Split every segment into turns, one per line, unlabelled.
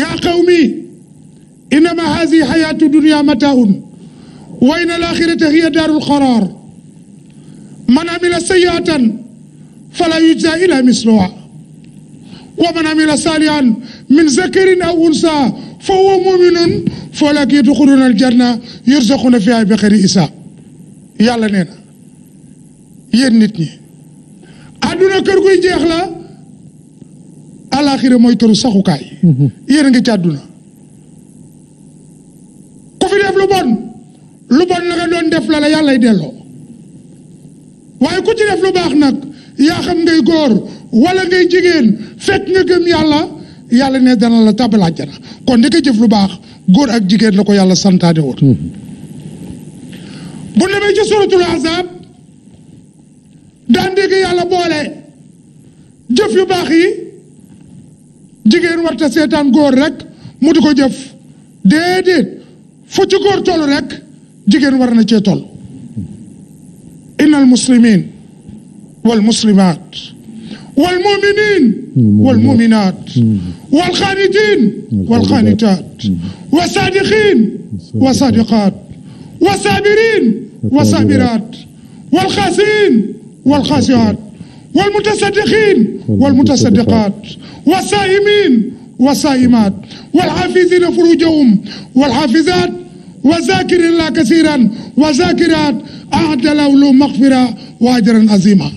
yaa qawmi innama hazihi hayatu dunia mataun wa ina al axirata hiya daaru lqaraar man amila sayiatan fala yujza ila misluha wa man amila salihan min zakarin aw unsa fa huwa muminun fooleeg yadxuluna aljanna yurzaxuna fiha bi xayri isa yàlla nee na yéen nit ñi àdduna kër guy jeex la alaxira mooy këru saxukaay. Mhm. yéen a ngi ci ku fi def lu bon lu bon la nga doon def la la yàllay delloo waaye ku ci def lu baax nag yaa xam ngay góor wala ngay jigéen fekk nga gëm yàlla yàlla ne dana la tabal àjjana kon di jëf lu baax góor ak jigéen la ko yàlla santaane woon. Mhm. bu demee ci suratul azab daan dégg yàlla boole jëf yu baax yi. jigéen warta seetaan góor rek mu di ko jëf fu ci góor rek jigéen war na cee toll inna al muslimin wal muslimat wal muminin wal muminat wal xaanitin wal xaanitat والمتصدقين والمتصدقات والصائمين والصائمات والحافظين فروجهم والحافظات وذاكر الله كثيرا وذاكرات أعد له مغفرة وأجرا عظيما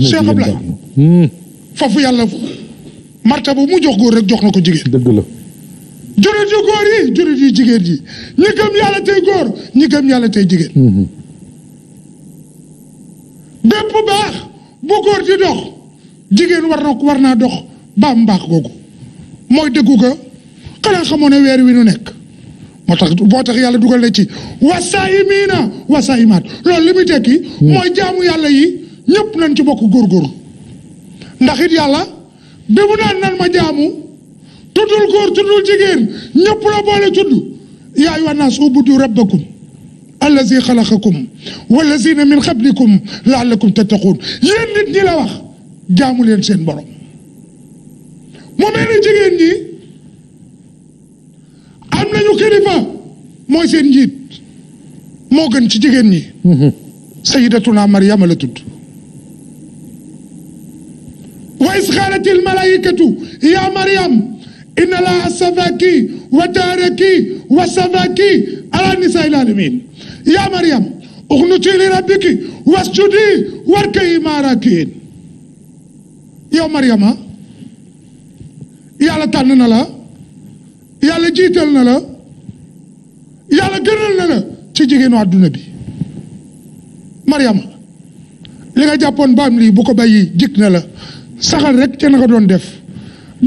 Cheikh Ablaye hmm. foofu yàlla martaba bu mu jox góor rek jox na ko jigéen dëgg la jullit yu góor yi jullit yu jigéen yi ñi gëm yàlla tey góor ñi gëm yàlla tey jigéen hmm. baax bu góor di dox jigéen war na war naa dox baam mbaax googu mooy dëggu ga xanaa xamoon ne weer wi nu nekk moo tax boo tax yàlla dugal na ci wasaayimiina wasaayimaat loolu li muy tekki hmm. mooy jaamu yàlla yi ñëpp nañ ci bokk góorgóorlu ndax it yàlla bi mu naan nan ma jaamu tuddul góor tuddul jigéen ñëpp la boole tudd yaay wa naas ubudu rabbakum allazi xalaqakum wallazina min qablikum laallakum tattaquun yéen nit ñi la wax jaamu leen seen borom mu mel ne jigéen ñi am nañu kilifa mooy seen njiit moo gën ci jigéen ñi mhm. sayidatuna mariama la tudd wa is qaalat al malaikatu ya mariam inna laa safaki wa taaraki wa safaki ala nisaa il alamin yaa Mariam uxnuti li rabbiki wasjudi warka'i ma'a raaki'iin yow Mariama ah, yàlla tànn na la yàlla jiital na la yàlla gënal na la ci jigéenu àdduna bi Mariama li nga jàppoon baam lii bu ko bàyyi jik na la saxal rek ca na nga doon def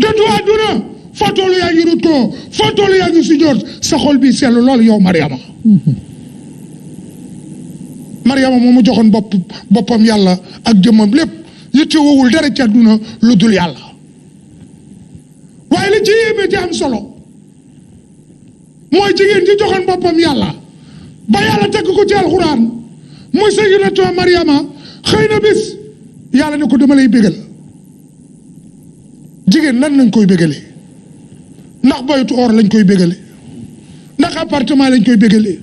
dëddu àdduna foo toll yaa ngi rukkoo foo yaa ngi sujjoor sa xol bi sell lool yow Mariama Mariama moo mu joxoon bopp boppam yàlla ak jëmmam lépp yitte wowul dara ci àdduna lu dul yàlla waaye li ci yéeme am solo mooy jigéen ci joxoon boppam yàlla ba yàlla teg ko ci alxuraan muy Sayyidatuna Mariama xëy na bis yàlla ne ko dama lay bégal jigéen lan lañ koy bégalee ndax boytu or lañ koy béggale ndax appartement lañ koy bégalee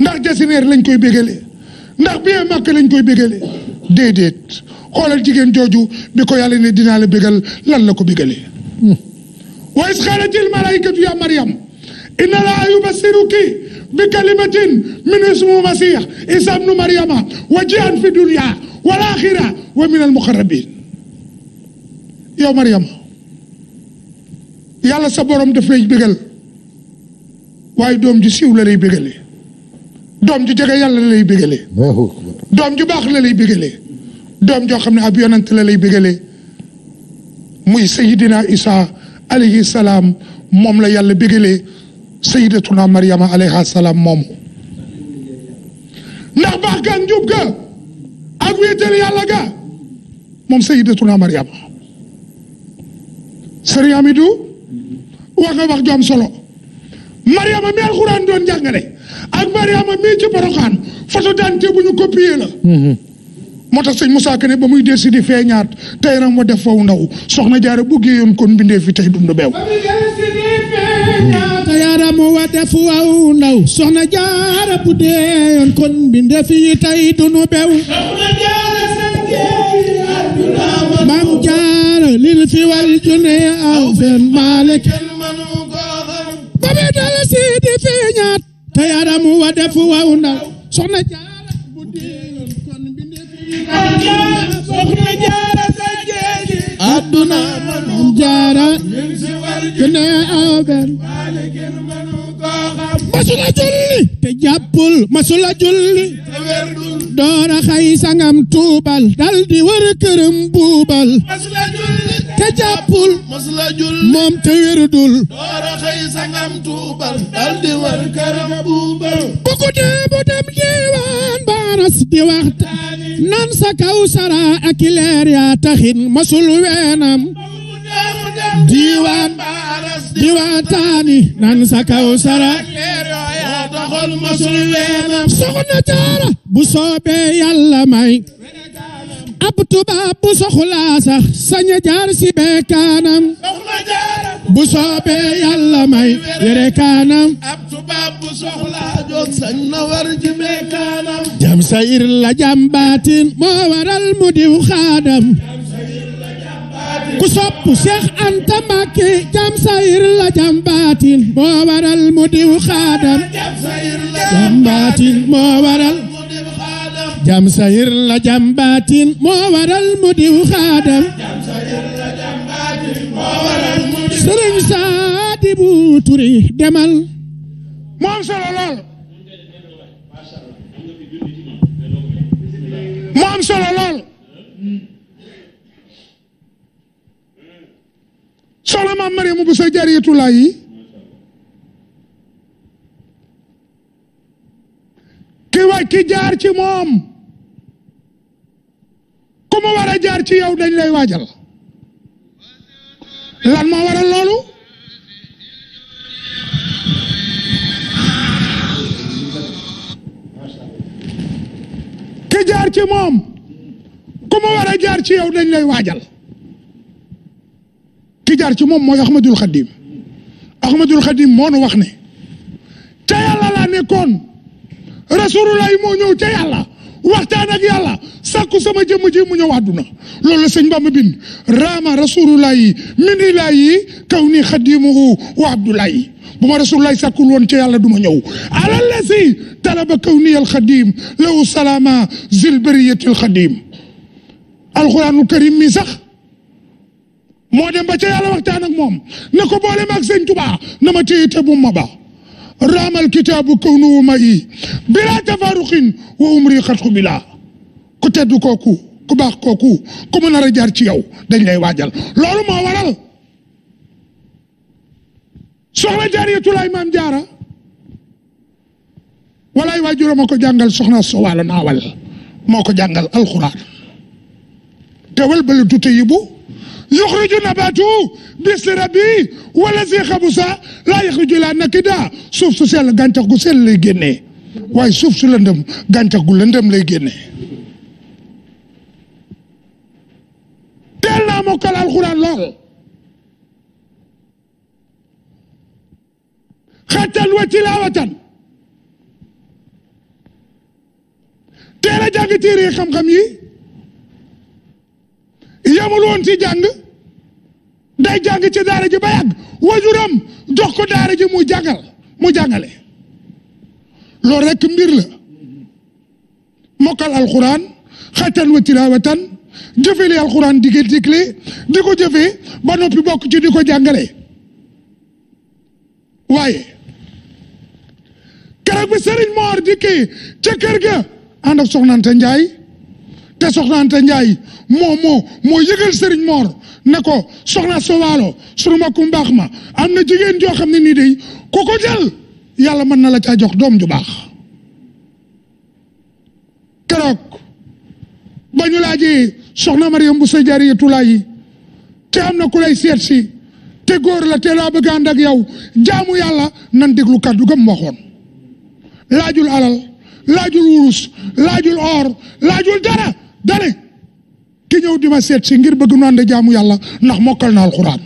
ndax jasineer lañ koy bégalee ndax bien màkk lañ koy bégalee déedéet xoolal jigéen jooju bi ko yàlla ne dinaa la bégal lan la ko bégalee wa is xaalatil malaykatu ya maryam inna laa yubasiruki bi kalimatin min ismu masih isa bnu maryama wa jian fi dunya wal axira wa min al muqarrabin yow maryama sa borom daf lay bégal waaye doom ji siiw la doom ju jege yàlla la lay bégalee. doom ju baax la lay doom joo xam ne ab yonent la lay bégalee muy sayidina isa alayhi salaam moom la yàlla bégalee sayidatuna mariama alayha salaam moomu ndax baax gan njub ga ak wéetal yàlla moom sayidatuna mariama sëriñ Amidou wax nga wax am solo mariama mi alxuraan doon jàngale ak Mariama mii ci Porokhane photo d'identité bu ñu copier la. Mhm. moo tax sëñ Moussa Kane ba muy décidé feeñaat tey ram wa def faw ndaw soxna jaare bu géeyoon kon fi tey dund beew.
yaram kon mbindee fi tey dund beew. maam jaara lil fi wal junne aw fen maale kenn manu ko xam. ba muy dal si feeñaat yaramu wa defu wa undaw soxna jaara bu deeyoon kon mbindeef yi soxna jaara sa jeegi adduna man jaara gën a aw benn masula julli te jàppul masula julli doora xay sangam tuubal dal war këram buubal te jàppul moom te wérdul doora xay sangam tuubal baaras di waxtaan nan sa kaw yaa taxin masul weenam diiwaan di waataani nan sa kaw sara soxna jaara bu soobee yàlla may ab tubaab bu soxlaa sax sañ a jaar si bee kaanam bu soobee yàlla may yere kaanam ab tubaab bu soxlaa jóg sañ na war ji bee kaanam jam sa ir la jam baatin moo waral mu diw xaadam ku sopp Cheikh Anta Mbacké jam sayir la jam baatin moo waral mu xaadam jam baatin moo waral jam sayir la xaadam sëriñ Saadibu Turi demal moom solo
soxna maam Mariama bu sa jariyatulaa yi ki wa ki jaar ci moom ku mu jaar ci yow dañ lay waajal lan moo waral loolu ki jaar ci moom ku mu jaar ci yow dañ lay waajal jar ci moom mooy Ahmadul Xadim Ahmadul Xadim moo nu wax ne ca yàlla laa nekkoon rasulullah moo ñëw ca yàlla waxtaan ak yàlla sàkku sama jëmm ji mu ñëw àdduna loolu la sëñ Bamba bind raama rasulullahi min ilahi kaw ni xadimuhu wa abdullahi bu ma rasulullahi sàkkul woon ca yàlla du ma ñëw ala lasi talaba kaw ni al xadim law salaama zil bariyati al xadim alquranul mi sax moo dem ba ca yàlla waxtaan ak moom na ko boole maag sëñ na ma téye te bu ma ba raamal kitaabu kawnu ma yi bila tafaruqin wa umri xatxu bila ku tedd kooku ku baax kooku ku mu nar a jaar ci yow dañ lay waajal loolu moo waral soxna jaariyatulaay maam jaara walaay waajuram a ko jàngal soxna sowaalo naawal moo ko jàngal alxuraan te wal bala yuxriju nabaatu bis li wala si xabusa laa yuxriju laa nakida suuf su sell gàncax gu sell lay génnee waaye suuf su lëndëm gàncax gu lëndëm lay génnee teel naa mokkal alxuraan lool xattan wa tilaawatan teel a jàng téere xam-xam yi yamul woon ci jàng day jàng ci daara ji ba yàgg wajuram jox ko daara ji mu jàngal mu jàngale loolu rekk mbir la mokkal alxuraan xaytan wa tilaawatan jëfe li alxuraan digé digle di ko ba noppi bokk ci di jàngale waaye keroog bi sëriñ Moor dikkee ca kër ga ànd ak Njaay te Soxna Anta Ndiaye moo moo moo yëgal Serigne Mor ne ko soxna Sowaalo sunu ma ku baax ma am na jigéen joo xam ne nii day ku ko jël yàlla mën na la caa jox doom ju baax keroog ba ñu laajee soxna Mariam bu sa jaaree tulaa yi te am na ku lay seet si te góor la te laa bëgg ànd ak yow jaamu yàlla nan déglu kàddu gam waxoon laajul alal laajul wurus laajul or laajul dara dane ki ñëw di seet si ngir bëgg naan de jaamu yàlla ndax mokkal na alxuraan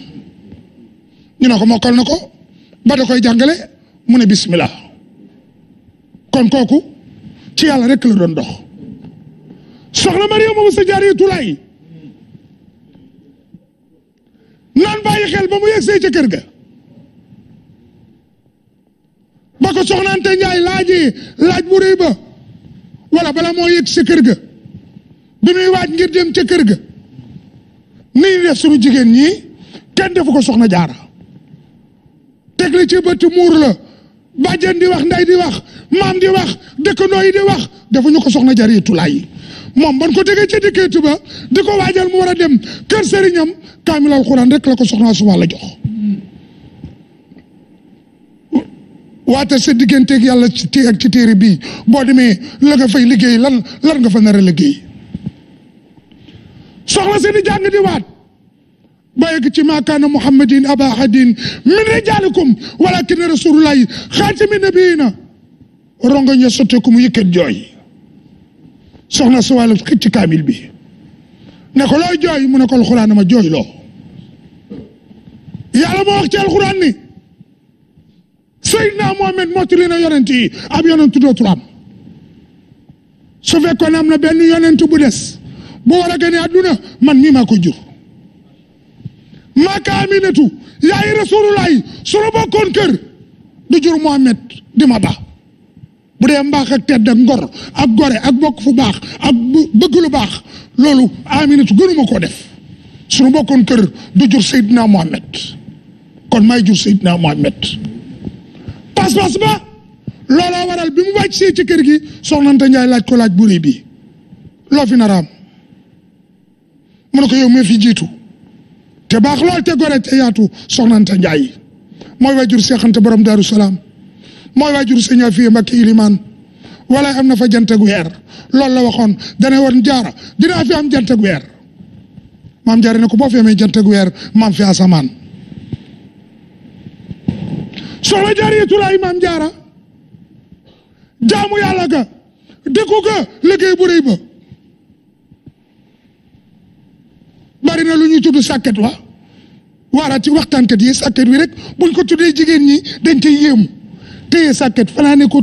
ñu ne ko mokkal na ko ba da koy jàngale mu na bismillah kon kooku ci yàlla rek la doon dox soxna Mariama ma sa jaaree tulaay naan bàyyi xel ba mu yegsee ca kër ga ba ko soxnaante Njaay laajee laaj bu rëy ba wala bala moo yegg sa kër ga ngir dem ca kër ga ni ñu def jigéen ñi kenn defu ko soxna jaara teg la ci bëtt muur di wax nday di wax maam di wax dëkkandoo yi di wax defuñu ko soxna jaar yi moom ban ko tegee ca di ko waajal mu war a dem kër sëriñam kaamil alxuraan rek la ko soxna su la jox waate sa digganteeg yàlla ci ak ci téere bii boo demee la nga fay liggéey lan lan nga fa nar a liggéey soxla seeni jàng di waat ba yegg ci maa kaana muhammadin aba ahadin min rijaalikum walakin rasulullahi xaatimi nabiina rongo ña sotteeku mu yëkkat jooy soxna su wàllu xëcc kaamil bi ne ko looy jooy mu ne ko alxuraan ma jooy loo yàlla moo wax ci alxuraan ni Seydina Mohamed mottali na yonent yi ab yonent dootul am su fekkoon am na benn yonent bu des boo war a gane àdduna man mii maa ko jur maa ka aminatu yaay rasulullahi sunu bokkoon kër du jur Muhammad di ma ba bu dee mbaax ak tedd ak ngor ak gore ak bokk fu baax ak bëgg lu baax loolu aminatu gënuma ko def sunu bokkoon kër du jur Seydina Muhammad kon may jur Seydina Muhammad pas-pas ba looloo waral bi mu wàcc see ci kër gi soxna Anta Njaay laaj ko laaj bu rëy loo fi naraam mu ne ko yow fi jiitu te baax lool te gore te yaatu Soxna Anta Njaay mooy waajur Seex Anta borom Daaru Salaam mooy waajur Sëñ Afiya Mbakke Ilimaan wala am na fa jant ak weer loolu la waxoon dana woon jaara dinaa fi jant ak weer ko boo jant ak weer maam fi asamaan soxna jaariyatu laay maam jaara jaamu yàlla ga dëkku ga liggéey bu rëy ba bari na lu ñuy tudd sàkket wa waaraat ci waxtaankat yi sàkket wi rek buñ ko tuddee jigéen ñi dañ cay yéemu téye sàkket fanaa ne ko